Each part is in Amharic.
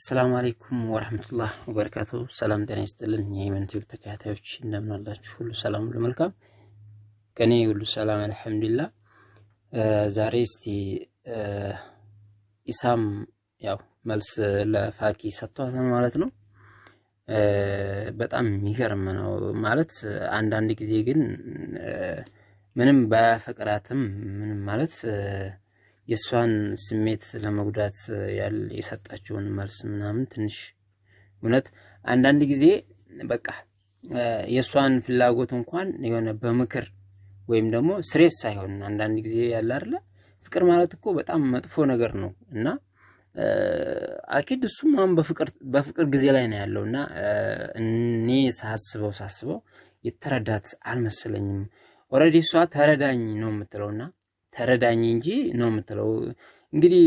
አሰላሙ አሌይኩም ወረህመቱላህ ወበረካቱ። ሰላም ጤና ይስጥልን። የኢመን ቲዩብ ተከታታዮች እንደምን አላችሁ? ሁሉ ሰላም፣ ሁሉ መልካም። ከኔ ሁሉ ሰላም አልሐምዱሊላህ። ዛሬ እስቲ ኢሳም ያው መልስ ለፋኪ ሰጥቷታል ማለት ነው። በጣም የሚገርም ነው ማለት አንዳንድ ጊዜ ግን ምንም ባያፈቅራትም ምንም ማለት የእሷን ስሜት ለመጉዳት ያል የሰጣችውን መልስ ምናምን ትንሽ እውነት አንዳንድ ጊዜ በቃ የእሷን ፍላጎት እንኳን የሆነ በምክር ወይም ደግሞ ስሬስ ሳይሆን አንዳንድ ጊዜ ያለ አለ ፍቅር ማለት እኮ በጣም መጥፎ ነገር ነው እና አኪድ እሱም አሁን በፍቅር ጊዜ ላይ ነው ያለው እና እኔ ሳስበው ሳስበው የተረዳት አልመሰለኝም። ኦልሬዲ እሷ ተረዳኝ ነው የምትለው እና ተረዳኝ እንጂ ነው የምትለው። እንግዲህ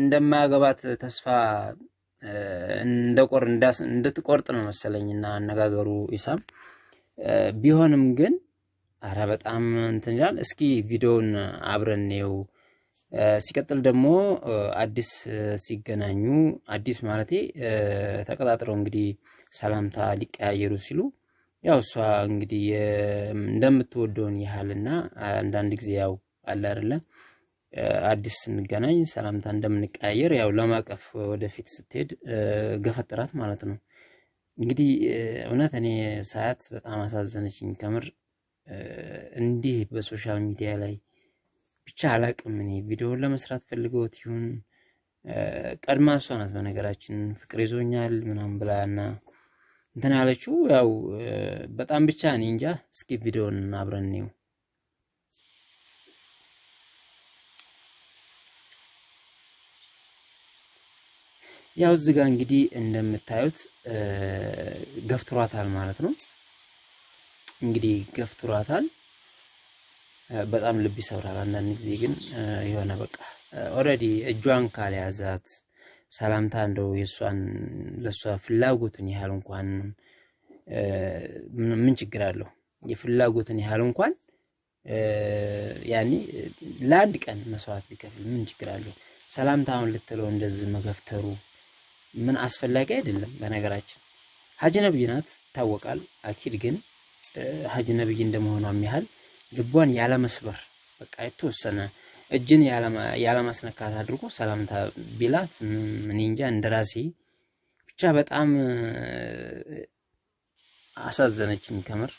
እንደማያገባት ተስፋ እንደቆር እንድትቆርጥ ነው መሰለኝና አነጋገሩ ኢሳም። ቢሆንም ግን አረ በጣም እንትን ይላል። እስኪ ቪዲዮውን አብረን ሲቀጥል ደግሞ አዲስ ሲገናኙ አዲስ ማለቴ ተቀጣጥረው እንግዲህ ሰላምታ ሊቀያየሩ ሲሉ ያው እሷ እንግዲህ እንደምትወደውን ያህልና አንዳንድ ጊዜ ያው አለ አይደለ አዲስ ስንገናኝ ሰላምታ እንደምንቀያየር ያው ለማቀፍ ወደፊት ስትሄድ ገፈጥራት ማለት ነው። እንግዲህ እውነት እኔ ሰዓት በጣም አሳዘነችኝ ከምር። እንዲህ በሶሻል ሚዲያ ላይ ብቻ አላቅም። እኔ ቪዲዮን ለመስራት ፈልገውት ይሁን ቀድማ እሷ ናት በነገራችን ፍቅር ይዞኛል ምናምን ብላ እንትን ያለችው ያው በጣም ብቻ እኔ እንጃ። እስኪ ቪዲዮን አብረን እንየው። ያው እዚህ ጋር እንግዲህ እንደምታዩት ገፍትሯታል ማለት ነው። እንግዲህ ገፍትሯታል። በጣም ልብ ይሰብራል። አንዳንድ ጊዜ ግን የሆነ በቃ ኦልሬዲ እጇን ካልያዛት ሰላምታ እንደው የእሷን ለእሷ ፍላጎትን ያህል እንኳን ምን ችግር አለው? የፍላጎትን ያህል እንኳን ያኔ ለአንድ ቀን መስዋዕት ቢከፍል ምን ችግር አለው? አሁን ልትለው እንደዚህ መገፍተሩ ምን አስፈላጊ አይደለም። በነገራችን ሀጅ ነብይ ናት ይታወቃል። አኪድ ግን ሀጅ ነብይ እንደመሆኗም ያህል ልቧን ያለመስበር በቃ የተወሰነ እጅን ያለማስነካት አድርጎ ሰላምታ ቢላት ምን እንጃ እንደራሴ ብቻ በጣም አሳዘነችኝ። ከምር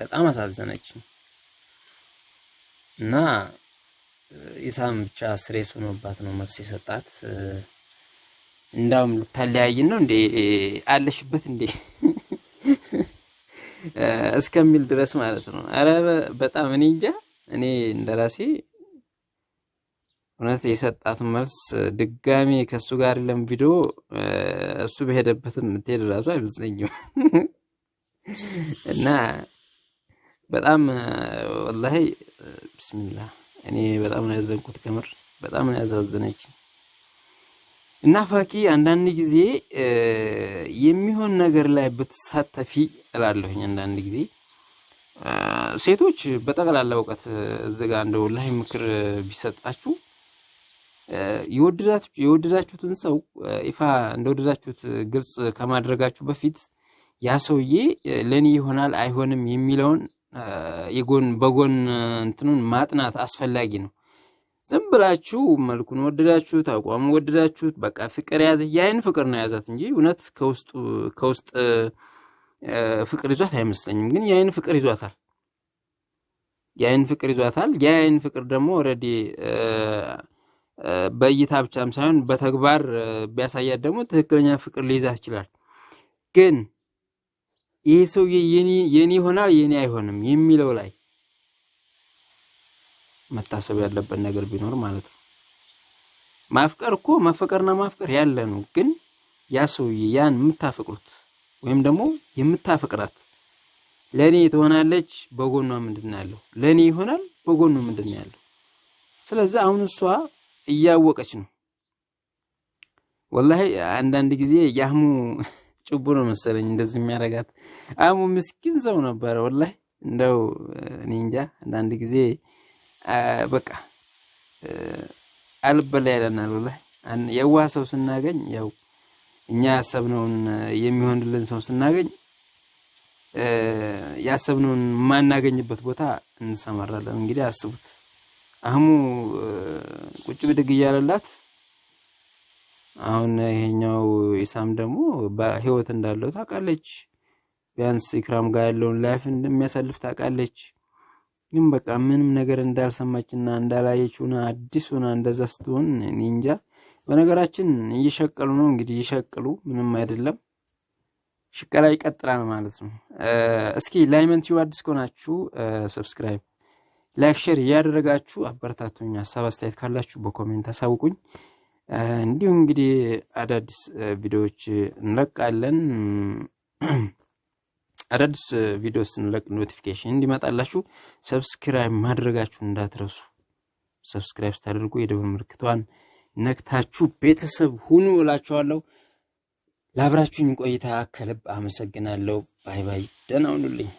በጣም አሳዘነችኝ እና ኢሳም ብቻ ስሬስ ሆኖባት ነው መልስ የሰጣት። እንዳውም ልታለያይን ነው እንዴ አለሽበት እንዴ እስከሚል ድረስ ማለት ነው። አረ በጣም እኔ እንጃ። እኔ እንደራሴ እውነት የሰጣት መልስ ድጋሚ ከእሱ ጋር ለም ቪዲዮ እሱ በሄደበት ምትሄድ ራሱ አይመስለኝም። እና በጣም ወላሂ ብስሚላህ እኔ በጣም ነው ያዘንኩት። ከምር በጣም ነው ያዛዘነች። እና ፋኪ አንዳንድ ጊዜ የሚሆን ነገር ላይ ብትሳተፊ እላለሁኝ። አንዳንድ ጊዜ ሴቶች በጠቅላላ እውቀት እዚህ ጋር እንደው ላይ ምክር ቢሰጣችሁ የወደዳችሁትን ሰው ይፋ እንደወደዳችሁት ግልጽ ከማድረጋችሁ በፊት ያ ሰውዬ ለእኔ ይሆናል አይሆንም የሚለውን የጎን በጎን እንትኑን ማጥናት አስፈላጊ ነው። ዝም ብላችሁ መልኩን ወደዳችሁት፣ አቋሙ ወደዳችሁት፣ በቃ ፍቅር የያዘ የአይን ፍቅር ነው የያዛት እንጂ እውነት ከውስጥ ፍቅር ይዟት አይመስለኝም። ግን የአይን ፍቅር ይዟታል፣ የአይን ፍቅር ይዟታል። የአይን ፍቅር ደግሞ ኦልሬዲ በእይታ ብቻም ሳይሆን በተግባር ቢያሳያት ደግሞ ትክክለኛ ፍቅር ሊይዛት ይችላል። ግን ይህ ሰውዬ የኔ ይሆናል የኔ አይሆንም የሚለው ላይ መታሰብ ያለበት ነገር ቢኖር ማለት ነው። ማፍቀር እኮ መፈቀርና ማፍቀር ያለ ነው። ግን ያ ሰውዬ ያን የምታፈቅሩት ወይም ደግሞ የምታፈቅራት ለኔ ትሆናለች፣ በጎኗ ምንድን ያለው ለኔ ይሆናል፣ በጎኑ ምንድን ያለው። ስለዚህ አሁን እሷ እያወቀች ነው። ወላሂ አንዳንድ ጊዜ የአህሙ ጭቡ ነው መሰለኝ እንደዚህ የሚያደርጋት። አህሙ ምስኪን ሰው ነበረ ወላሂ እንደው እኔ እንጃ አንዳንድ ጊዜ በቃ አልበላ ይለናል። ወላሂ የዋህ ሰው ስናገኝ ያው እኛ ያሰብነውን የሚሆንልን ሰው ስናገኝ ያሰብነውን የማናገኝበት ቦታ እንሰማራለን። እንግዲህ አስቡት። አህሙ ቁጭ ብድግ እያለላት አሁን ይሄኛው ኢሳም ደግሞ በህይወት እንዳለው ታውቃለች። ቢያንስ ኢክራም ጋር ያለውን ላይፍ እንደሚያሳልፍ ታውቃለች። ግን በቃ ምንም ነገር እንዳልሰማችና እንዳላየች አዲስ ሆና እንደዛ ስትሆን እንጃ። በነገራችን እየሸቀሉ ነው እንግዲህ እየሸቀሉ ምንም አይደለም። ሽቀላ ይቀጥላል ማለት ነው። እስኪ ላይመንት አዲስ ከሆናችሁ ሰብስክራይብ፣ ላይክ፣ ሼር እያደረጋችሁ አበረታቱኝ። ሀሳብ አስተያየት ካላችሁ በኮሜንት አሳውቁኝ። እንዲሁም እንግዲህ አዳዲስ ቪዲዮዎች እንለቃለን። አዳዲስ ቪዲዮ ስንለቅ ኖቲፊኬሽን እንዲመጣላችሁ ሰብስክራይብ ማድረጋችሁ እንዳትረሱ። ሰብስክራይብ ስታደርጉ የደወል ምልክቷን ነክታችሁ ቤተሰብ ሁኑ እላችኋለሁ። ለአብራችሁኝ ቆይታ ከልብ አመሰግናለሁ። ባይ ባይ። ደህና ሁኑልኝ።